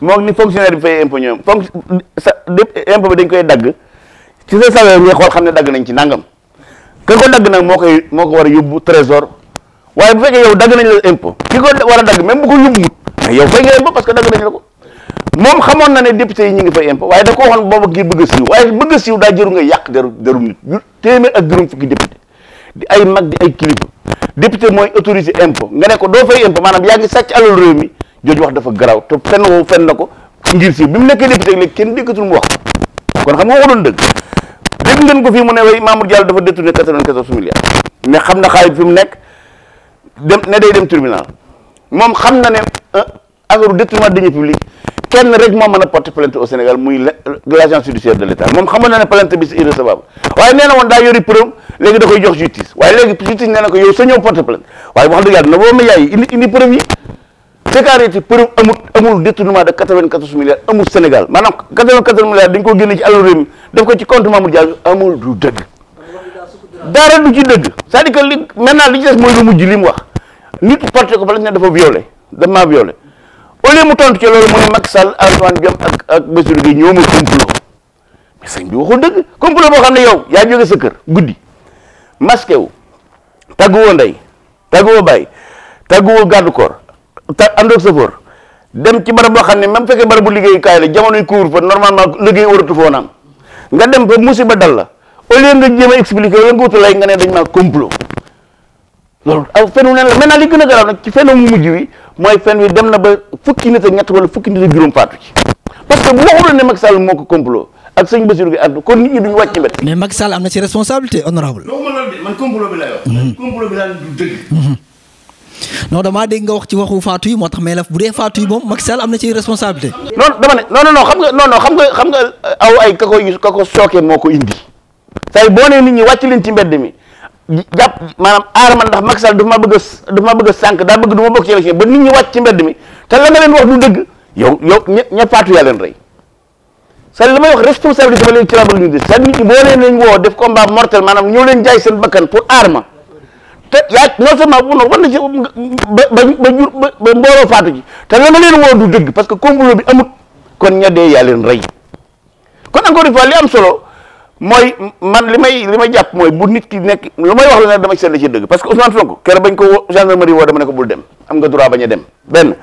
moom ni fonctionnaire bi fay impôt ñoom fonc sa koy dagg ci sa salaire ngay xool xam ne dagg nañ ci nangam ka ko dagg nag moo koy moo ko war a yóbbu trésor waaye dagg nañ la ko war a dagg même bu ko yóbbuwut mais parce que dagg nañ la ko moom xamoon na ne député yi ñu ngi fay impôt waaye da ko waxoon boobu ngir bëgg a siiw waaye bëgg a siiw daa jëru nga yàq deru derum nit ñu téeméer ak juróom fukki député di ay mag di ay kilifa député mooy autorisé impôt nga ne ko doo fay impôt maanaam yaa ngi sàcc alal réew mi jooju wax dafa garaw te fenn woo fenn na ko ngir si bi mu nekkee député léegi kenn déggatul mu wax kon xam nga ko doon dëgg dégg ngeen ko fii mu ne way Mamour Diallo dafa détourné 94 milliards mais xam na xaalis nekk dem ne day moom xam na ne euh, affaire détournement deniers publics kenn rek moo mën a porter plainte au Sénégal muy l' agence judiciaire de l' état moom xamoon na ne plainte bi c'est irrecevable waaye nee na woon daa yori preuve léegi da koy jox justice waaye léegi justice nee ko yow sa ñëw porter plainte wax dëgg yàlla na boo ma sécurité përëm amul amul détournement de quatre-vingt-quatorze milliards amul Sénégal maanaam quatre-vingt-quatorze milliards dañ koo génne ci alalu mi def ko ci compte Mamour Diallo amul du dëgg dara du ci dëgg c'est-à-dire que li maintenant li ci des mooy lu mujj li mu wax nit porté ko ba lañ ne dafa violé damaa violé au lieu mu tontu ci loolu mu ne Macky Sall Antoine Diome ak ak Bassirou Guèye ñoo ma complot mais sëñ bi waxul dëgg complot boo xam ne yow yaa jóge sa kër guddi masqué wu tàgguwoo ndey tàgguwoo bàyyi tàgguwoo garde ta àndoog sëfoor dem ci barab boo xam ne même fekkee barab bu liggéeyukaay la jamonoy couvre fa normalement liggéey waratu foo naam nga dem fa musiba dal la au nga jéem a expliqué wala nga wutu lay nga ne dañ maa complot loolu aw fen wu neen la a garaaw nag ci fenu mooy fen wi dem na ba fukki nit ak wala fukki nit ak juróom faatu ci parce que waxul ne Macky ko kon nit ñi duñu wàcc ci mais Macky Sall am na ci responsabilité honorable loolu bi lay non damaa dégg nga wax ci waxu faatu yi moo tax mais la bu dee faatu yi moom Macky Sall am na ci responsabilité. non dama ne non non xam nga non non xam nga xam nga euh, aw ay ka ko ka ko sooke moo ko indi say boo nee nit ñi wàcc leen ci mbedd mi jàpp maanaam aar man ndax Macky Sall dafa ma bëgg a dafa ma bëgg a sànq daa bëgg du ma bokk ci élection ba nit ñi wàcc ci mbedd mi te la nga leen wax du dëgg yow yow ña faatu yaa leen rey c'est-à-dire li may wax responsabilité dafa leen ci laa bëgg ñu di c'est-à-dire nit ñi boo leen nañ woo def combat mortel maanaam ñëw leen jaay seen bakkan pour aar ma te yaa non seulement bu noonu war na ci ba ba ba jur ba mbooloo du dëgg parce que complot bi amut kon ña dee yaa leen rey kon encore une fois am solo mooy man li may mooy bu nit ki nekk lu may wax dama seet la dëgg parce que Ousmane Sonko keroog bañ ko gendarmerie woo dama ne ko bul dem am nga droit bañ a dem benn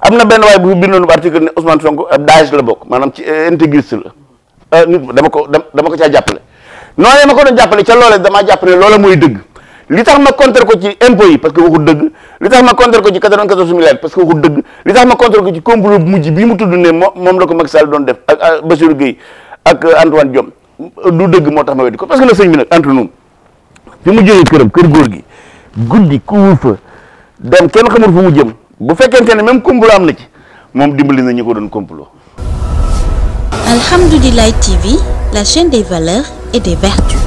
am na benn waaye bu bindoon article ne Ousmane Sonko ab daaj la bokk maanaam ci euh, intégriste la euh, nit dama ko dama ko caa jàppale noonee ma ko doon jàppale ca loolee damaa jàpp ne loola mooy dëgg li ma contre ko ci impôts yi parce que waxul dëgg li ma contre ko ci 94 milliards parce que waxul dëgg li ma contre ko ci complot bu mujj bii mu tudd ne moom la ko Macky Sall doon def ak Bassirou Gueye ak euh, Antoine Diome du dëgg moo tax ma weddi parce que la sëñ bi nag entre nous fi mu jógee këram kër góor gi guddi ku wul fa dem kenn xamul fu mu jëm bu fekkente ne même complot am na ci moom dimbali na ñu ko doon complot. Alhamdoulilah TV, la chaîne des valeurs et des vertus.